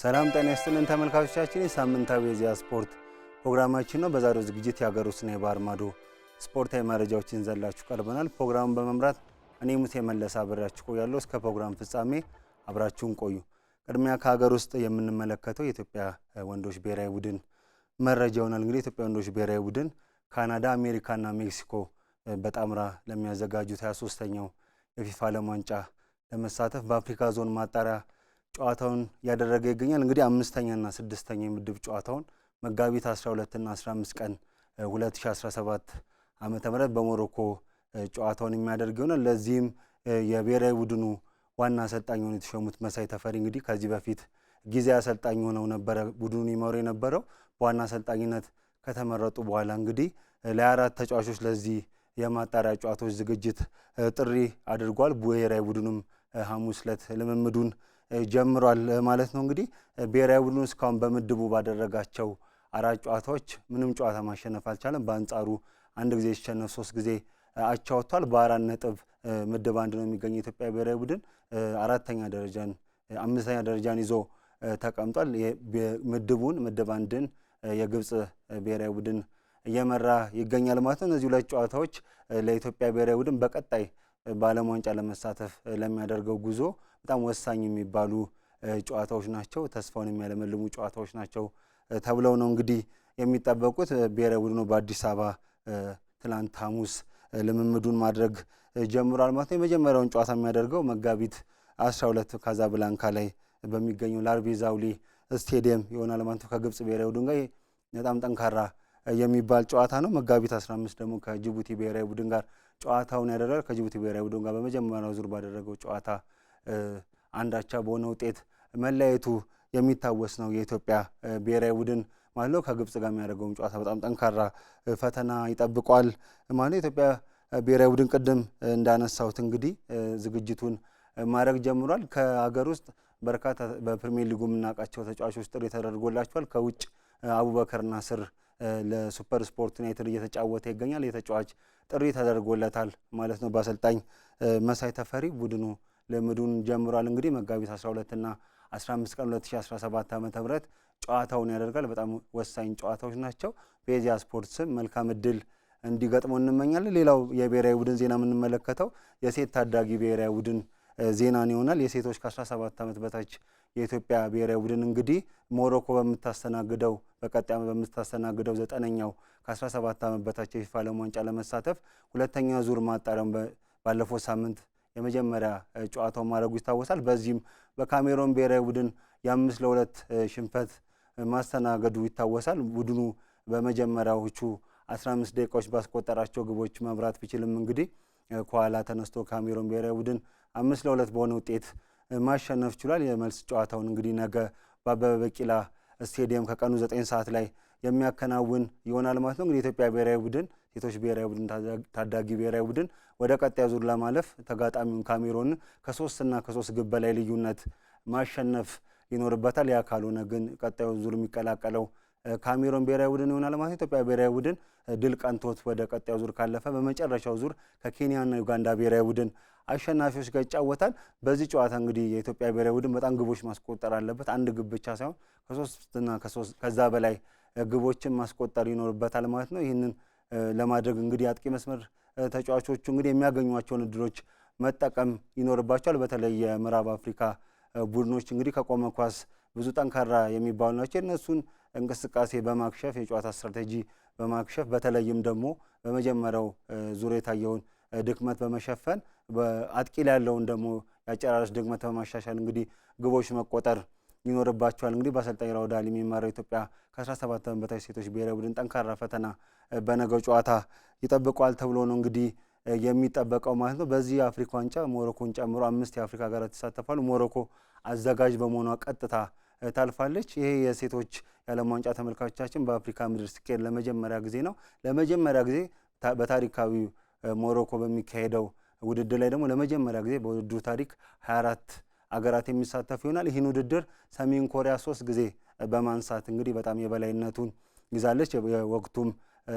ሰላም ጤና ይስጥልን ተመልካቾቻችን፣ ሳምንታዊ የኢዜአ ስፖርት ፕሮግራማችን ነው። በዛሬው ዝግጅት የሀገር ውስጥና የባህር ማዶ ስፖርታዊ መረጃዎችን ዘላችሁ ቀርበናል። ፕሮግራሙን በመምራት እኔ ሙሴ መለሰ አብሬያችሁ ቆያለሁ። እስከ ፕሮግራም ፍጻሜ አብራችሁን ቆዩ። ቅድሚያ ከሀገር ውስጥ የምንመለከተው የኢትዮጵያ ወንዶች ብሔራዊ ቡድን መረጃ ይሆናል። እንግዲህ የኢትዮጵያ ወንዶች ብሔራዊ ቡድን ካናዳ፣ አሜሪካና ሜክሲኮ በጣምራ ለሚያዘጋጁት 23ኛው የፊፋ ዓለም ዋንጫ ለመሳተፍ በአፍሪካ ዞን ማጣሪያ ጨዋታውን እያደረገ ይገኛል። እንግዲህ አምስተኛና ስድስተኛ የምድብ ጨዋታውን መጋቢት 12ና 15 ቀን 2017 ዓ.ም በሞሮኮ ጨዋታውን የሚያደርግ ይሆናል። ለዚህም የብሔራዊ ቡድኑ ዋና አሰልጣኝ ሆነው የተሾሙት መሳይ ተፈሪ እንግዲህ ከዚህ በፊት ጊዜ አሰልጣኝ ሆነው ነበረ ቡድኑን ይመሩ የነበረው በዋና አሰልጣኝነት ከተመረጡ በኋላ እንግዲህ ለአራት ተጫዋቾች ለዚህ የማጣሪያ ጨዋታዎች ዝግጅት ጥሪ አድርጓል። ብሔራዊ ቡድኑም ሐሙስ ዕለት ልምምዱን ጀምሯል ማለት ነው። እንግዲህ ብሔራዊ ቡድኑ እስካሁን በምድቡ ባደረጋቸው አራት ጨዋታዎች ምንም ጨዋታ ማሸነፍ አልቻለም። በአንጻሩ አንድ ጊዜ ሲሸነፍ ሶስት ጊዜ አቻ ወጥቷል። በአራት ነጥብ ምድብ አንድ ነው የሚገኘው የኢትዮጵያ ብሔራዊ ቡድን አራተኛ ደረጃን አምስተኛ ደረጃን ይዞ ተቀምጧል። ምድቡን ምድብ አንድን የግብፅ ብሔራዊ ቡድን እየመራ ይገኛል ማለት ነው። እነዚህ ሁለት ጨዋታዎች ለኢትዮጵያ ብሔራዊ ቡድን በቀጣይ በዓለም ዋንጫ ለመሳተፍ ለሚያደርገው ጉዞ በጣም ወሳኝ የሚባሉ ጨዋታዎች ናቸው። ተስፋውን የሚያለመልሙ ጨዋታዎች ናቸው ተብለው ነው እንግዲህ የሚጠበቁት። ብሔራዊ ቡድኑ በአዲስ አበባ ትላንት ሐሙስ ልምምዱን ማድረግ ጀምሯል ማለት ነው። የመጀመሪያውን ጨዋታ የሚያደርገው መጋቢት 12 ካዛብላንካ ላይ በሚገኘው ላርቢ ዛውሊ ስቴዲየም ይሆናል ማለት ነው። ከግብፅ ብሔራዊ ቡድን ጋር በጣም ጠንካራ የሚባል ጨዋታ ነው። መጋቢት 15 ደግሞ ከጅቡቲ ብሔራዊ ቡድን ጋር ጨዋታውን ያደርጋል። ከጅቡቲ ብሔራዊ ቡድን ጋር በመጀመሪያው ዙር ባደረገው ጨዋታ አንዳቻ በሆነ ውጤት መለያየቱ የሚታወስ ነው የኢትዮጵያ ብሔራዊ ቡድን ማለት ነው። ከግብጽ ጋር የሚያደርገውም ጨዋታ በጣም ጠንካራ ፈተና ይጠብቋል ማለት ነው። ኢትዮጵያ ብሔራዊ ቡድን ቅድም እንዳነሳሁት እንግዲህ ዝግጅቱን ማድረግ ጀምሯል። ከሀገር ውስጥ በርካታ በፕሪሚየር ሊጉ የምናውቃቸው ተጫዋቾች ጥሪ ተደርጎላቸዋል። ከውጭ አቡበከር ናስር ለሱፐር ስፖርት ዩናይትድ እየተጫወተ ይገኛል። የተጫዋች ጥሪ ተደርጎለታል ማለት ነው። በአሰልጣኝ መሳይ ተፈሪ ቡድኑ ልምዱን ጀምሯል። እንግዲህ መጋቢት 12ና 15 ቀን 2017 ዓ ም ጨዋታውን ያደርጋል። በጣም ወሳኝ ጨዋታዎች ናቸው። በኢዜአ ስፖርት መልካም እድል እንዲገጥመው እንመኛለን። ሌላው የብሔራዊ ቡድን ዜና የምንመለከተው የሴት ታዳጊ ብሔራዊ ቡድን ዜናን ይሆናል። የሴቶች ከ17 ዓመት በታች የኢትዮጵያ ብሔራዊ ቡድን እንግዲህ ሞሮኮ በምታስተናግደው በቀጣይ በምታስተናግደው ዘጠነኛው ከ17 ዓመት በታች የፊፋ ዓለም ዋንጫ ለመሳተፍ ሁለተኛ ዙር ማጣሪያውን ባለፈው ሳምንት የመጀመሪያ ጨዋታው ማድረጉ ይታወሳል። በዚህም በካሜሮን ብሔራዊ ቡድን የአምስት ለሁለት ሽንፈት ማስተናገዱ ይታወሳል። ቡድኑ በመጀመሪያዎቹ 15 ደቂቃዎች ባስቆጠራቸው ግቦች መብራት ቢችልም እንግዲህ ከኋላ ተነስቶ ካሜሮን ብሔራዊ ቡድን አምስት ለሁለት በሆነ ውጤት ማሸነፍ ችሏል። የመልስ ጨዋታውን እንግዲህ ነገ በአበበ ቢቂላ ስቴዲየም ከቀኑ ዘጠኝ ሰዓት ላይ የሚያከናውን ይሆናል ማለት ነው። እንግዲህ የኢትዮጵያ ብሔራዊ ቡድን ሴቶች ብሔራዊ ቡድን ታዳጊ ብሔራዊ ቡድን ወደ ቀጣይ ዙር ለማለፍ ተጋጣሚውን ካሜሮን ከሶስትና ከሶስት ግብ በላይ ልዩነት ማሸነፍ ይኖርበታል። ያ ካልሆነ ግን ቀጣዩ ዙር የሚቀላቀለው ካሜሮን ብሔራዊ ቡድን ይሆናል ማለት ነው። ኢትዮጵያ ብሔራዊ ቡድን ድል ቀንቶት ወደ ቀጣዩ ዙር ካለፈ በመጨረሻው ዙር ከኬንያና ዩጋንዳ ብሔራዊ ቡድን አሸናፊዎች ጋር ይጫወታል። በዚህ ጨዋታ እንግዲህ የኢትዮጵያ ብሔራዊ ቡድን በጣም ግቦች ማስቆጠር አለበት። አንድ ግብ ብቻ ሳይሆን ከሶስትና ከዛ በላይ ግቦችን ማስቆጠር ይኖርበታል ማለት ነው። ይህንን ለማድረግ እንግዲህ አጥቂ መስመር ተጫዋቾቹ እንግዲህ የሚያገኟቸውን እድሎች መጠቀም ይኖርባቸዋል። በተለይ የምዕራብ አፍሪካ ቡድኖች እንግዲህ ከቆመ ኳስ ብዙ ጠንካራ የሚባሉ ናቸው። እነሱን እንቅስቃሴ በማክሸፍ የጨዋታ ስትራቴጂ በማክሸፍ በተለይም ደግሞ በመጀመሪያው ዙር የታየውን ድክመት በመሸፈን በአጥቂ ላይ ያለውን ደግሞ የአጨራረስ ድግመት በማሻሻል እንግዲህ ግቦች መቆጠር ይኖርባቸዋል። እንግዲህ በአሰልጣኝ ራውዳ አሊ የሚመራው ኢትዮጵያ ከ17 ዓመት በታች ሴቶች ብሔራዊ ቡድን ጠንካራ ፈተና በነገው ጨዋታ ይጠብቀዋል ተብሎ ነው እንግዲህ የሚጠበቀው ማለት ነው። በዚህ የአፍሪካ ዋንጫ ሞሮኮን ጨምሮ አምስት የአፍሪካ ሀገራት ይሳተፋሉ። ሞሮኮ አዘጋጅ በመሆኗ ቀጥታ ታልፋለች። ይሄ የሴቶች የዓለም ዋንጫ ተመልካቾቻችን በአፍሪካ ምድር ሲካሄድ ለመጀመሪያ ጊዜ ነው። ለመጀመሪያ ጊዜ በታሪካዊ ሞሮኮ በሚካሄደው ውድድር ላይ ደግሞ ለመጀመሪያ ጊዜ በውድድሩ ታሪክ 24 አገራት የሚሳተፉ ይሆናል። ይህን ውድድር ሰሜን ኮሪያ ሶስት ጊዜ በማንሳት እንግዲህ በጣም የበላይነቱን ይዛለች። የወቅቱም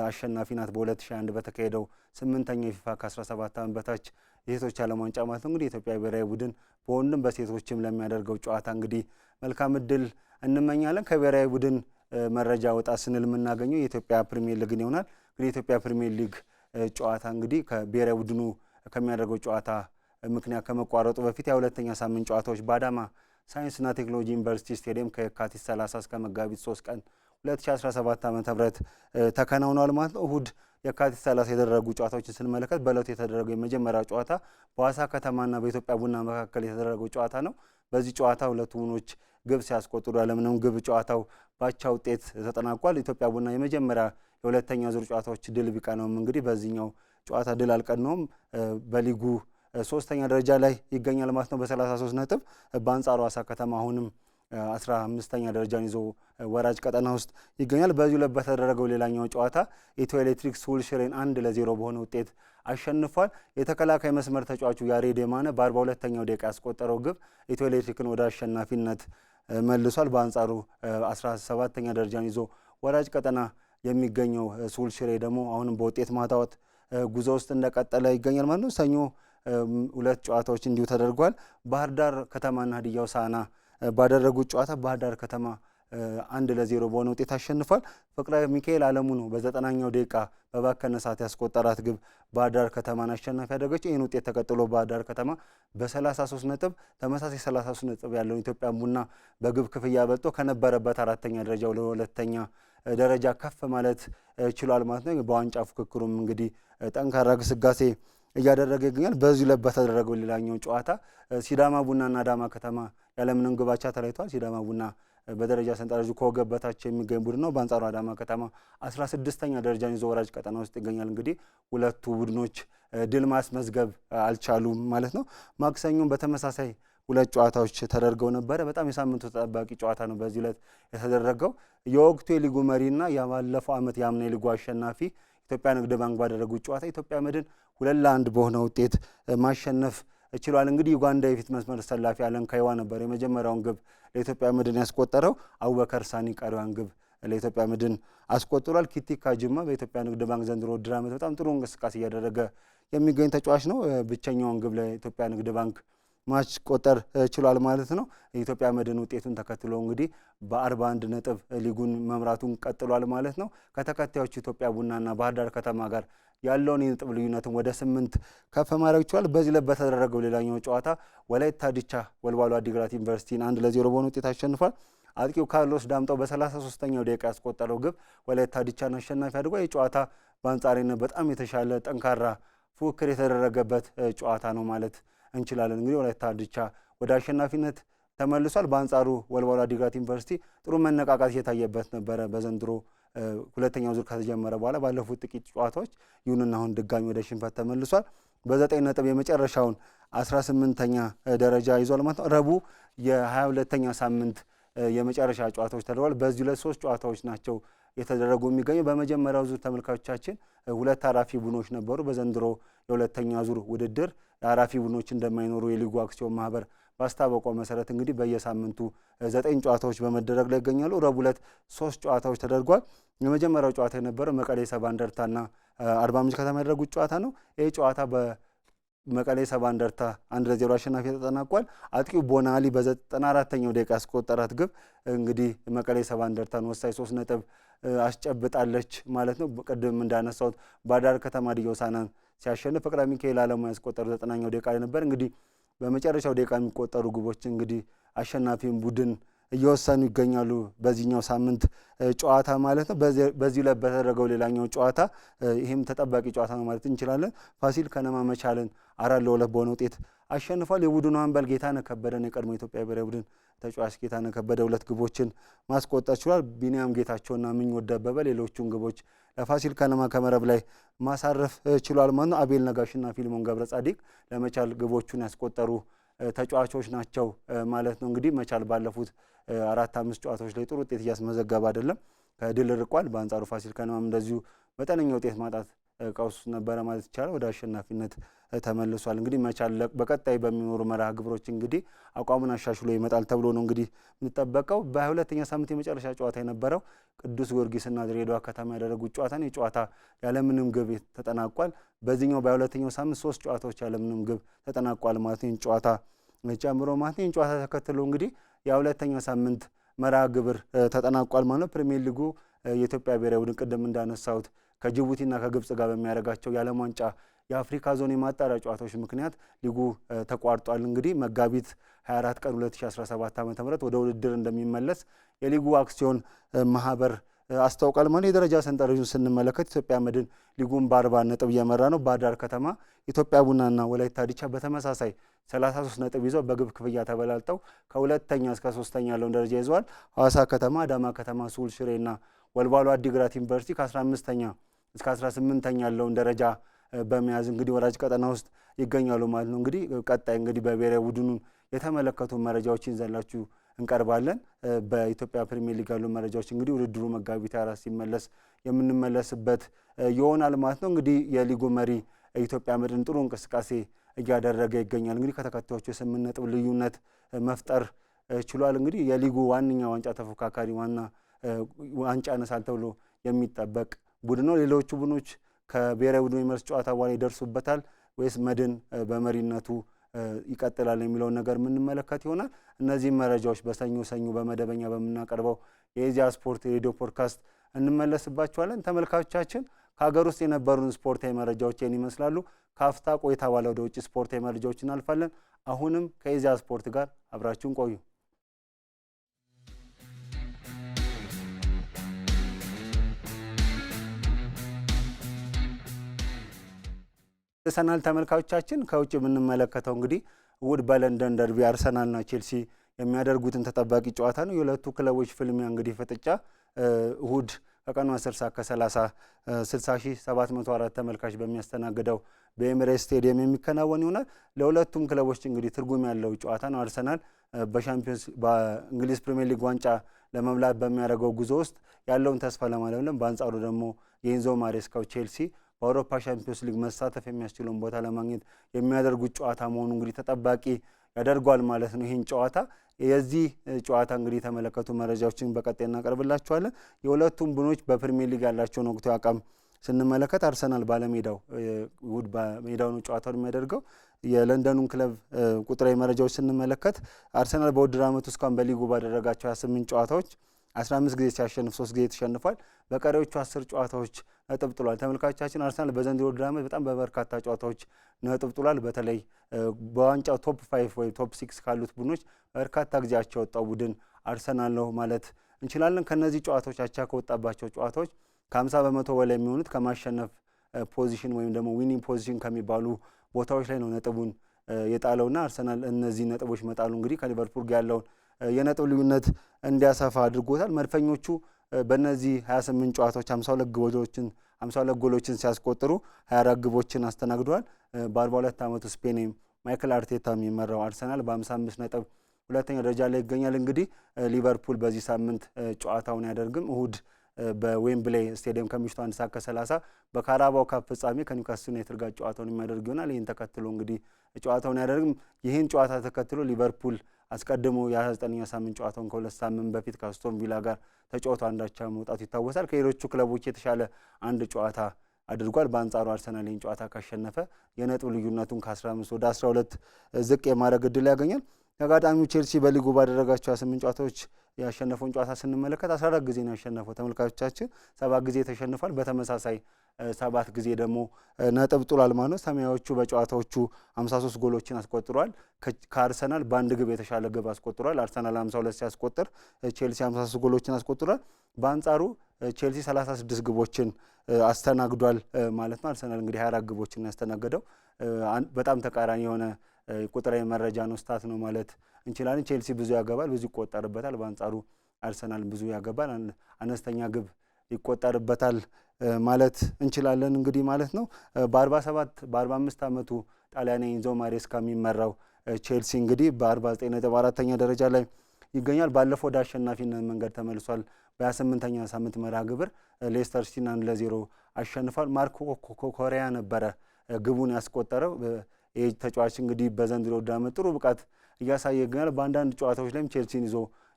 አሸናፊ ናት። በ2021 በተካሄደው ስምንተኛ የፊፋ ከ17 ዓመት በታች የሴቶች ዓለም ዋንጫ ማለት እንግዲህ የኢትዮጵያ ብሔራዊ ቡድን በወንድም በሴቶችም ለሚያደርገው ጨዋታ እንግዲህ መልካም እድል እንመኛለን። ከብሔራዊ ቡድን መረጃ ወጣ ስንል የምናገኘው የኢትዮጵያ ፕሪሚየር ሊግን ይሆናል። እንግዲህ የኢትዮጵያ ፕሪሚየር ሊግ ጨዋታ እንግዲህ ከብሔራዊ ቡድኑ ከሚያደርገው ጨዋታ ምክንያት ከመቋረጡ በፊት የሁለተኛ ሳምንት ጨዋታዎች በአዳማ ሳይንስና ቴክኖሎጂ ዩኒቨርሲቲ ስቴዲየም ከየካቲት 30 እስከ መጋቢት 3 ቀን 2017 ዓ ም ተከናውኗል ማለት ነው። እሁድ የካቲት 30 የተደረጉ ጨዋታዎችን ስንመለከት በእለቱ የተደረገው የመጀመሪያ ጨዋታ በዋሳ ከተማና በኢትዮጵያ ቡና መካከል የተደረገው ጨዋታ ነው። በዚህ ጨዋታ ሁለቱ ቡድኖች ግብ ሲያስቆጥሩ ያለምንም ግብ ጨዋታው ባቻ ውጤት ተጠናቋል። ኢትዮጵያ ቡና የመጀመሪያ የሁለተኛ ዙር ጨዋታዎች ድል ቢቀነውም እንግዲህ በዚህኛው ጨዋታ ድል አልቀነውም በሊጉ ሶስተኛ ደረጃ ላይ ይገኛል ማለት ነው በ33 ነጥብ። በአንጻሩ አሳ ከተማ አሁንም አስራ አምስተኛ ደረጃን ይዞ ወራጅ ቀጠና ውስጥ ይገኛል። በዚሁ ዕለት በተደረገው ሌላኛው ጨዋታ ኢትዮ ኤሌክትሪክ ሱል ሽሬን አንድ ለዜሮ በሆነ ውጤት አሸንፏል። የተከላካይ መስመር ተጫዋቹ ያሬድ የማነ በአርባ ሁለተኛው ደቂቃ ያስቆጠረው ግብ ኢትዮ ኤሌክትሪክን ወደ አሸናፊነት መልሷል። በአንጻሩ አስራ ሰባተኛ ደረጃን ይዞ ወራጅ ቀጠና የሚገኘው ሱል ሽሬ ደግሞ አሁንም በውጤት ማታወት ጉዞ ውስጥ እንደቀጠለ ይገኛል ማለት ነው። ሰኞ ሁለት ጨዋታዎች እንዲሁ ተደርጓል። ባህር ዳር ከተማና ሀዲያ ሆሳዕና ባደረጉት ጨዋታ ባህር ዳር ከተማ አንድ ለዜሮ በሆነ ውጤት አሸንፏል። ፍቅረ ሚካኤል አለሙ ነው በዘጠናኛው ደቂቃ በባከነ ሰዓት ያስቆጠራት ግብ ባህር ዳር ከተማን አሸናፊ ያደረገች። ይህን ውጤት ተቀጥሎ ባህር ዳር ከተማ በ33 ነጥብ ተመሳሳይ 33 ነጥብ ያለውን ኢትዮጵያ ቡና በግብ ክፍያ በልጦ ከነበረበት አራተኛ ደረጃ ለሁለተኛ ደረጃ ከፍ ማለት ችሏል ማለት ነው። በዋንጫ ፉክክሩም እንግዲህ ጠንካራ ግስጋሴ እያደረገ ይገኛል። በዚሁ ላይ በተደረገው ሌላኛው ጨዋታ ሲዳማ ቡናና አዳማ ከተማ ያለምንም ግብ አቻ ተለያይተዋል። ሲዳማ ቡና በደረጃ ሰንጠረዡ ከወገብ በታች የሚገኝ ቡድን ነው። በአንጻሩ አዳማ ከተማ አስራ ስድስተኛ ደረጃን ይዞ ወራጅ ቀጠና ውስጥ ይገኛል። እንግዲህ ሁለቱ ቡድኖች ድል ማስመዝገብ አልቻሉም ማለት ነው። ማክሰኞም በተመሳሳይ ሁለት ጨዋታዎች ተደርገው ነበረ። በጣም የሳምንቱ ተጠባቂ ጨዋታ ነው በዚህ ዕለት የተደረገው። የወቅቱ የሊጉ መሪና የባለፈው ዓመት የአምና የሊጉ አሸናፊ ኢትዮጵያ ንግድ ባንክ ባደረጉት ጨዋታ ኢትዮጵያ መድን ሁለት ለአንድ በሆነ ውጤት ማሸነፍ ችሏል። እንግዲህ ዩጋንዳ የፊት መስመር ተሰላፊ አለን ካይዋ ነበር የመጀመሪያውን ግብ ለኢትዮጵያ መድን ያስቆጠረው። አቡበከር ሳኒ ቀሪዋን ግብ ለኢትዮጵያ መድን አስቆጥሯል። ኪቲካ ጅማ በኢትዮጵያ ንግድ ባንክ ዘንድሮ ውድድር ዓመት በጣም ጥሩ እንቅስቃሴ እያደረገ የሚገኝ ተጫዋች ነው። ብቸኛውን ግብ ለኢትዮጵያ ንግድ ባንክ ማስቆጠር ችሏል ማለት ነው። የኢትዮጵያ መድን ውጤቱን ተከትሎ እንግዲህ በአርባ አንድ ነጥብ ሊጉን መምራቱን ቀጥሏል ማለት ነው። ከተከታዮቹ ኢትዮጵያ ቡናና ባህር ዳር ከተማ ጋር ያለውን የነጥብ ልዩነትን ወደ ስምንት ከፍ ማድረግ ችሏል። በዚህ ዕለት በተደረገው ሌላኛው ጨዋታ ወላይታ ዲቻ ወልዋሎ አዲግራት ዩኒቨርሲቲን አንድ ለዜሮ በሆነ ውጤት አሸንፏል። አጥቂው ካርሎስ ዳምጠው በሰላሳ ሶስተኛው ደቂቃ ያስቆጠረው ግብ ወላይታ ዲቻን አሸናፊ አድርጎ የጨዋታ በአንጻሪነት በጣም የተሻለ ጠንካራ ፉክክር የተደረገበት ጨዋታ ነው ማለት እንችላለን። እንግዲህ ወላይታ ድቻ ወደ አሸናፊነት ተመልሷል። በአንጻሩ ወልዋሎ ዓዲግራት ዩኒቨርሲቲ ጥሩ መነቃቃት እየታየበት ነበረ በዘንድሮ ሁለተኛው ዙር ከተጀመረ በኋላ ባለፉት ጥቂት ጨዋታዎች። ይሁንና አሁን ድጋሚ ወደ ሽንፈት ተመልሷል። በዘጠኝ ነጥብ የመጨረሻውን 18 ስምንተኛ ደረጃ ይዟል ማለት ነው። ረቡዕ የ ሁለተኛ ሳምንት የመጨረሻ ጨዋታዎች ተደርጓል። በዚህ ሁለት ሶስት ጨዋታዎች ናቸው የተደረጉ የሚገኙ በመጀመሪያው ዙር ተመልካቾቻችን ሁለት አራፊ ቡድኖች ነበሩ። በዘንድሮ የሁለተኛ ዙር ውድድር አራፊ ቡድኖች እንደማይኖሩ የሊጉ አክሲዮን ማህበር ባስታወቀው መሰረት እንግዲህ በየሳምንቱ ዘጠኝ ጨዋታዎች በመደረግ ላይ ይገኛሉ። ረቡዕ ዕለት ሶስት ጨዋታዎች ተደርጓል። የመጀመሪያው ጨዋታ የነበረው መቀሌ ሰባ እንደርታና አርባ ምንጭ ከተማ ያደረጉት ጨዋታ ነው። ይህ ጨዋታ በመቀሌ ሰባ እንደርታ አንድ ለዜሮ አሸናፊ ተጠናቋል። አጥቂው ቦናሊ በዘጠና አራተኛው ደቂቃ ያስቆጠራት ግብ እንግዲህ መቀሌ ሰባ እንደርታን ወሳኝ ሶስት ነጥብ አስጨብጣለች ማለት ነው። ቅድም እንዳነሳሁት ባዳር ከተማ ዲዮ ሆሳዕናን ሲያሸንፍ ፍቅረ ሚካኤል አለሙ ያስቆጠሩ ዘጠናኛው ደቂቃ ነበር። እንግዲህ በመጨረሻው ደቂቃ የሚቆጠሩ ግቦች እንግዲህ አሸናፊውን ቡድን እየወሰኑ ይገኛሉ። በዚህኛው ሳምንት ጨዋታ ማለት ነው። በዚህ ላይ በተደረገው ሌላኛው ጨዋታ ይህም ተጠባቂ ጨዋታ ነው ማለት እንችላለን። ፋሲል ከነማ መቻልን አራት ለሁለት በሆነ ውጤት አሸንፏል። የቡድኑ አምበል ጌታነህ ከበደን የቀድሞ ኢትዮጵያ ብሔራዊ ቡድን ተጫዋች ጌታነህ ከበደ ሁለት ግቦችን ማስቆጠር ችሏል። ቢኒያም ጌታቸውና ምኞት ደበበ ሌሎቹን ግቦች ለፋሲል ከነማ ከመረብ ላይ ማሳረፍ ችሏል ማለት ነው። አቤል ነጋሽና ፊልሞን ገብረ ጻዲቅ ለመቻል ግቦቹን ያስቆጠሩ ተጫዋቾች ናቸው ማለት ነው። እንግዲህ መቻል ባለፉት አራት አምስት ጨዋታዎች ላይ ጥሩ ውጤት እያስመዘገበ አይደለም፣ ከድል ርቋል። በአንጻሩ ፋሲል ከነማም እንደዚሁ መጠነኛ ውጤት ማጣት ቀውስ ነበረ ማለት ይቻላል። ወደ አሸናፊነት ተመልሷል። እንግዲህ መቻል በቀጣይ በሚኖሩ መርሃ ግብሮች እንግዲህ አቋሙን አሻሽሎ ይመጣል ተብሎ ነው እንግዲህ የምንጠበቀው። በሁለተኛ ሳምንት የመጨረሻ ጨዋታ የነበረው ቅዱስ ጊዮርጊስና ድሬዳዋ ከተማ ያደረጉት ጨዋታን የጨዋታ ያለምንም ግብ ተጠናቋል። በዚህኛው በሁለተኛው ሳምንት ሶስት ጨዋታዎች ያለምንም ግብ ተጠናቋል ማለት ጨዋታ ጨምሮ ማለት ጨዋታ ተከትሎ እንግዲህ የሁለተኛው ሳምንት መርሃ ግብር ተጠናቋል ማለት ነው። ፕሪሚየር ሊጉ የኢትዮጵያ ብሔራዊ ቡድን ቅድም እንዳነሳሁት ከጅቡቲና ከግብጽ ጋር በሚያደርጋቸው የዓለም ዋንጫ የአፍሪካ ዞን የማጣሪያ ጨዋታዎች ምክንያት ሊጉ ተቋርጧል። እንግዲህ መጋቢት 24 ቀን 2017 ዓ ም ወደ ውድድር እንደሚመለስ የሊጉ አክሲዮን ማህበር አስታውቃል። ማለት የደረጃ ሰንጠረዥን ስንመለከት ኢትዮጵያ መድን ሊጉን በአርባ ነጥብ እየመራ ነው። ባዳር ከተማ፣ ኢትዮጵያ ቡናና ወላይታ ዲቻ በተመሳሳይ 33 ነጥብ ይዘው በግብ ክፍያ ተበላልጠው ከሁለተኛ እስከ ሶስተኛ ያለውን ደረጃ ይዘዋል። ሐዋሳ ከተማ፣ አዳማ ከተማ፣ ስሁል ሽሬና ወልዋሎ አዲግራት ዩኒቨርሲቲ ከ15ኛ እስከ 18ኛ ያለውን ደረጃ በመያዝ እንግዲህ ወራጅ ቀጠና ውስጥ ይገኛሉ ማለት ነው። እንግዲህ ቀጣይ እንግዲህ በብሔራዊ ቡድኑን የተመለከቱ መረጃዎችን ይዘላችሁ? እንቀርባለን። በኢትዮጵያ ፕሪሚየር ሊግ ያሉ መረጃዎች እንግዲህ ውድድሩ መጋቢት አራት ሲመለስ የምንመለስበት ይሆናል ማለት ነው። እንግዲህ የሊጉ መሪ ኢትዮጵያ መድን ጥሩ እንቅስቃሴ እያደረገ ይገኛል። እንግዲህ ከተከታዮቹ የስምንት ነጥብ ልዩነት መፍጠር ችሏል። እንግዲህ የሊጉ ዋነኛ ዋንጫ ተፎካካሪ ዋና ዋንጫ ነሳል ተብሎ የሚጠበቅ ቡድን ነው። ሌሎቹ ቡድኖች ከብሔራዊ ቡድን የመልስ ጨዋታ በኋላ ይደርሱበታል ወይስ መድን በመሪነቱ ይቀጥላል የሚለውን ነገር የምንመለከት ይሆናል። እነዚህም መረጃዎች በሰኞ ሰኞ በመደበኛ በምናቀርበው የኢዜአ ስፖርት ሬዲዮ ፖድካስት እንመለስባቸዋለን። ተመልካቾቻችን ከሀገር ውስጥ የነበሩን ስፖርታዊ መረጃዎች ይህን ይመስላሉ። ከአፍታ ቆይታ ባለ ወደ ውጭ ስፖርታዊ መረጃዎች እናልፋለን። አሁንም ከኢዜአ ስፖርት ጋር አብራችሁን ቆዩ። አርሰናል ተመልካቾቻችን። ከውጭ የምንመለከተው እንግዲህ እሑድ በለንደን ደርቢ አርሰናልና ቼልሲ የሚያደርጉትን ተጠባቂ ጨዋታ ነው። የሁለቱ ክለቦች ፍልሚያ እንግዲህ ፍጥጫ እሑድ ከቀኑ 10 ሰዓት ከ30 60704 ተመልካች በሚያስተናግደው በኤምሬትስ ስቴዲየም የሚከናወን ይሆናል። ለሁለቱም ክለቦች እንግዲህ ትርጉም ያለው ጨዋታ ነው። አርሰናል በሻምፒዮንስ በእንግሊዝ ፕሪሚየር ሊግ ዋንጫ ለመብላት በሚያደርገው ጉዞ ውስጥ ያለውን ተስፋ ለማለምለም፣ በአንጻሩ ደግሞ የኢንዞ ማሬስካው ቼልሲ በአውሮፓ ሻምፒዮንስ ሊግ መሳተፍ የሚያስችለውን ቦታ ለማግኘት የሚያደርጉት ጨዋታ መሆኑ እንግዲህ ተጠባቂ ያደርጓል ማለት ነው። ይህን ጨዋታ የዚህ ጨዋታ እንግዲህ የተመለከቱ መረጃዎችን በቀጣይ እናቀርብላችኋለን። የሁለቱም ቡድኖች በፕሪሚየር ሊግ ያላቸውን ወቅታዊ አቋም ስንመለከት አርሰናል ባለሜዳው ውድ በሜዳው ነው ጨዋታውን የሚያደርገው። የለንደኑን ክለብ ቁጥራዊ መረጃዎች ስንመለከት አርሰናል በውድድር ዓመቱ እስካሁን በሊጉ ባደረጋቸው 28 ጨዋታዎች 15 ጊዜ ሲያሸንፍ 3 ጊዜ ተሸንፏል። በቀሪዎቹ 10 ጨዋታዎች ነጥብ ጥሏል። ተመልካቾቻችን አርሰናል በዘንድሮ ውድድር ዓመት በጣም በበርካታ ጨዋታዎች ነጥብ ጥሏል። በተለይ በዋንጫው ቶፕ 5 ወይም ቶፕ 6 ካሉት ቡድኖች በርካታ ጊዜ አቻ የወጣው ቡድን አርሰናል ነው ማለት እንችላለን። ከነዚህ ጨዋታዎች አቻ ከወጣባቸው ጨዋታዎች ከ50 በመቶ በላይ የሚሆኑት ከማሸነፍ ፖዚሽን ወይም ደግሞ ዊኒንግ ፖዚሽን ከሚባሉ ቦታዎች ላይ ነው ነጥቡን የጣለውና አርሰናል እነዚህ ነጥቦች መጣሉ እንግዲህ ከሊቨርፑል ጋር ያለውን የነጥብ ልዩነት እንዲያሰፋ አድርጎታል። መድፈኞቹ በእነዚህ 28 ጨዋታዎች 52 ግቦችን 52 ጎሎችን ሲያስቆጥሩ 24 ግቦችን አስተናግደዋል። በ42 ዓመቱ ስፔን ማይክል አርቴታ የሚመራው አርሰናል በ55 ነጥብ ሁለተኛ ደረጃ ላይ ይገኛል። እንግዲህ ሊቨርፑል በዚህ ሳምንት ጨዋታውን ያደርግም እሁድ በዌምብሌይ ስቴዲየም ከምሽቱ አንድ ሰዓት ከሰላሳ በካራባው ካፕ ፍጻሜ ከኒውካስል ዩናይትድ ጋር ጨዋታውን የሚያደርግ ይሆናል። ይህን ተከትሎ እንግዲህ ጨዋታውን ያደርግም ይህን ጨዋታ ተከትሎ ሊቨርፑል አስቀድሞ የ29ኛ ሳምንት ጨዋታውን ከሁለት ሳምንት በፊት ከአስቶን ቪላ ጋር ተጫውቶ አንዳቻ መውጣቱ ይታወሳል። ከሌሎቹ ክለቦች የተሻለ አንድ ጨዋታ አድርጓል። በአንጻሩ አርሰናል ይህን ጨዋታ ካሸነፈ የነጥብ ልዩነቱን ከ15 ወደ 12 ዝቅ የማድረግ እድል ያገኛል። ተጋጣሚው ቼልሲ በሊጉ ባደረጋቸው ስምንት ጨዋታዎች ያሸነፈውን ጨዋታ ስንመለከት 14 ጊዜ ነው ያሸነፈው። ተመልካቾቻችን ሰባት ጊዜ ተሸንፏል። በተመሳሳይ ሰባት ጊዜ ደግሞ ነጥብ ጥሏል ማለት ነው። ሰማያዎቹ በጨዋታዎቹ 53 ጎሎችን አስቆጥሯል። ከአርሰናል በአንድ ግብ የተሻለ ግብ አስቆጥሯል። አርሰናል 52 ሲያስቆጥር ቼልሲ 53 ጎሎችን አስቆጥሯል። በአንጻሩ ቼልሲ 36 ግቦችን አስተናግዷል ማለት ነው። አርሰናል እንግዲህ 24 ግቦችን ያስተናገደው በጣም ተቃራኒ የሆነ ቁጥራዊ መረጃ ነው፣ ስታት ነው ማለት እንችላለን። ቼልሲ ብዙ ያገባል፣ ብዙ ይቆጠርበታል። በአንጻሩ አርሰናል ብዙ ያገባል፣ አነስተኛ ግብ ይቆጠርበታል ማለት እንችላለን እንግዲህ ማለት ነው። በ47 በ45 ዓመቱ ጣሊያናዊ ኢንዞ ማሬስካ የሚመራው ቼልሲ እንግዲህ በ49.4ኛ ደረጃ ላይ ይገኛል። ባለፈው ወደ አሸናፊነት መንገድ ተመልሷል። በ28ኛ ሳምንት መርሃ ግብር ሌስተር ሲቲን ለዜሮ አሸንፏል። ማርኮ ኮኮሪያ ነበረ ግቡን ያስቆጠረው። ይህ ተጫዋች እንግዲህ በዘንድሮ ዳመ ጥሩ ብቃት እያሳየ ይገኛል። በአንዳንድ ጨዋታዎች ላይም ቼልሲን ይዞ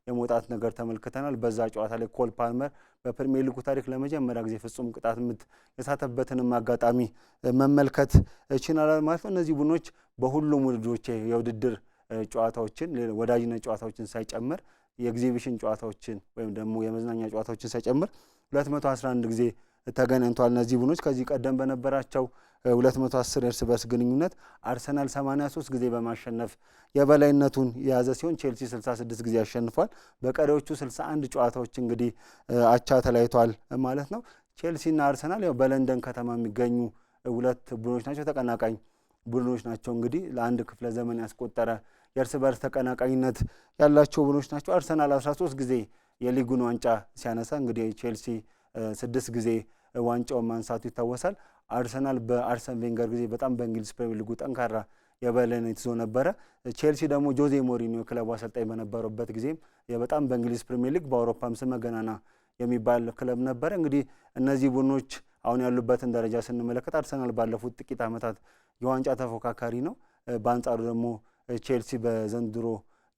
የመውጣት ነገር ተመልክተናል። በዛ ጨዋታ ላይ ኮል ፓልመር በፕሪሚየር ሊጉ ታሪክ ለመጀመሪያ ጊዜ ፍጹም ቅጣት ምት የሳተበትንም አጋጣሚ መመልከት ችናላል ማለት ነው። እነዚህ ቡድኖች በሁሉም ውድድሮች የውድድር ጨዋታዎችን ወዳጅነት ጨዋታዎችን ሳይጨምር የኤግዚቢሽን ጨዋታዎችን ወይም ደግሞ የመዝናኛ ጨዋታዎችን ሳይጨምር 211 ጊዜ ተገናኝቷል። እነዚህ ቡድኖች ከዚህ ቀደም በነበራቸው 210 እርስ በርስ ግንኙነት አርሰናል 83 ጊዜ በማሸነፍ የበላይነቱን የያዘ ሲሆን ቼልሲ 66 ጊዜ አሸንፏል። በቀሪዎቹ 61 ጨዋታዎች እንግዲህ አቻ ተለያይቷል ማለት ነው። ቼልሲና አርሰናል ያው በለንደን ከተማ የሚገኙ ሁለት ቡድኖች ናቸው፣ ተቀናቃኝ ቡድኖች ናቸው። እንግዲህ ለአንድ ክፍለ ዘመን ያስቆጠረ የእርስ በርስ ተቀናቃኝነት ያላቸው ቡድኖች ናቸው። አርሰናል 13 ጊዜ የሊጉን ዋንጫ ሲያነሳ እንግዲህ ቼልሲ ስድስት ጊዜ ዋንጫውን ማንሳቱ ይታወሳል። አርሰናል በአርሰን ቬንገር ጊዜ በጣም በእንግሊዝ ፕሪሚየር ሊጉ ጠንካራ የበላይነት ይዞ ነበረ። ቼልሲ ደግሞ ጆዜ ሞሪኒዮ ክለቡ አሰልጣኝ በነበረበት ጊዜም በጣም በእንግሊዝ ፕሪሚየር ሊግ በአውሮፓም ስመ የሚባል ክለብ ነበረ። እንግዲህ እነዚህ ቡድኖች አሁን ያሉበትን ደረጃ ስንመለከት አርሰናል ባለፉት ጥቂት ዓመታት የዋንጫ ተፎካካሪ ነው። በአንጻሩ ደግሞ ቼልሲ በዘንድሮ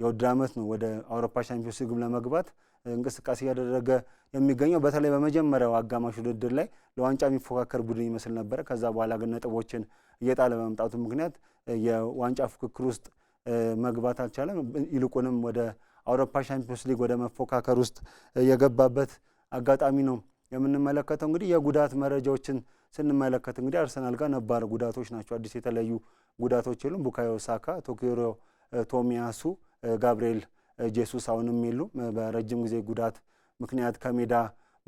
የውድድር ዓመት ነው ወደ አውሮፓ ሻምፒዮንስ ሊግም ለመግባት እንቅስቃሴ እያደረገ የሚገኘው በተለይ በመጀመሪያው አጋማሽ ውድድር ላይ ለዋንጫ የሚፎካከር ቡድን ይመስል ነበረ። ከዛ በኋላ ግን ነጥቦችን እየጣለ በመምጣቱ ምክንያት የዋንጫ ፉክክር ውስጥ መግባት አልቻለም። ይልቁንም ወደ አውሮፓ ሻምፒዮንስ ሊግ ወደ መፎካከር ውስጥ የገባበት አጋጣሚ ነው የምንመለከተው። እንግዲህ የጉዳት መረጃዎችን ስንመለከት እንግዲህ አርሰናል ጋር ነባር ጉዳቶች ናቸው። አዲስ የተለያዩ ጉዳቶች የሉም። ቡካዮ ሳካ፣ ቶኪሮ ቶሚያሱ፣ ጋብርኤል ጄሱስ አሁንም የሉም። በረጅም ጊዜ ጉዳት ምክንያት ከሜዳ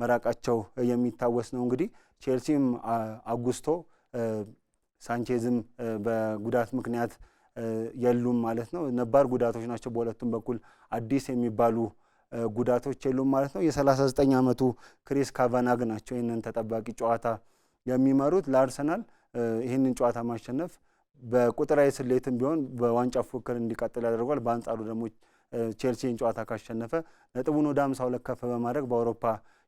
መራቃቸው የሚታወስ ነው። እንግዲህ ቼልሲም አጉስቶ ሳንቼዝም በጉዳት ምክንያት የሉም ማለት ነው። ነባር ጉዳቶች ናቸው። በሁለቱም በኩል አዲስ የሚባሉ ጉዳቶች የሉም ማለት ነው። የ39 ዓመቱ ክሪስ ካቫናግ ናቸው ይህንን ተጠባቂ ጨዋታ የሚመሩት። ለአርሰናል ይህንን ጨዋታ ማሸነፍ በቁጥራዊ ስሌትም ቢሆን በዋንጫ ፉክክር እንዲቀጥል ያደርጓል። በአንጻሩ ደግሞ ቼልሲን ጨዋታ ካሸነፈ ነጥቡን ወደ 52 ከፍ በማድረግ በአውሮፓ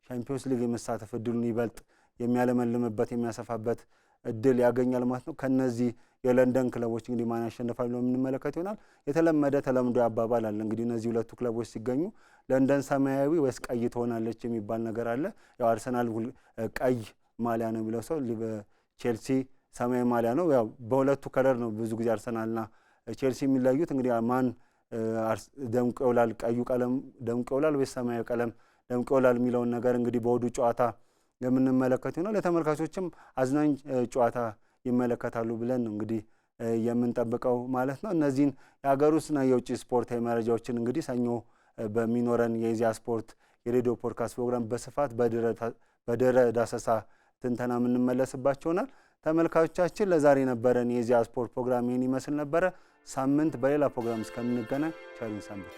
ሻምፒዮንስ ሊግ የመሳተፍ እድሉን ይበልጥ የሚያለመልምበት የሚያሰፋበት እድል ያገኛል ማለት ነው። ከነዚህ የለንደን ክለቦች እንግዲህ ማን ያሸንፋል ብሎ የምንመለከት ይሆናል። የተለመደ ተለምዶ ያባባል አለ እንግዲህ እነዚህ ሁለቱ ክለቦች ሲገኙ ለንደን ሰማያዊ ወይስ ቀይ ትሆናለች የሚባል ነገር አለ። ያው አርሰናል ቀይ ማሊያ ነው የሚለው ሰው ቼልሲ ሰማያዊ ማሊያ ነው። ያው በሁለቱ ከለር ነው ብዙ ጊዜ አርሰናልና ቼልሲ የሚለዩት እንግዲህ ማን ደምቆ ይውላል፣ ቀዩ ቀለም ደምቆ ይውላል ወይስ ሰማያዊ ቀለም ደምቆ ይውላል የሚለውን ነገር እንግዲህ በወዱ ጨዋታ የምንመለከት ይሆናል። ለተመልካቾችም አዝናኝ ጨዋታ ይመለከታሉ ብለን ነው እንግዲህ የምንጠብቀው ማለት ነው። እነዚህን የሀገር ውስጥና የውጭ ስፖርታዊ መረጃዎችን እንግዲህ ሰኞ በሚኖረን የኢዜአ ስፖርት የሬዲዮ ፖድካስት ፕሮግራም በስፋት በድረ ዳሰሳ ትንተና የምንመለስባቸው ይሆናል። ተመልካቾቻችን ለዛሬ የነበረን የኢዜአ ስፖርት ፕሮግራም ይህን ይመስል ነበረ። ሳምንት በሌላ ፕሮግራም እስከምንገናኝ ቸርን ሰንብት።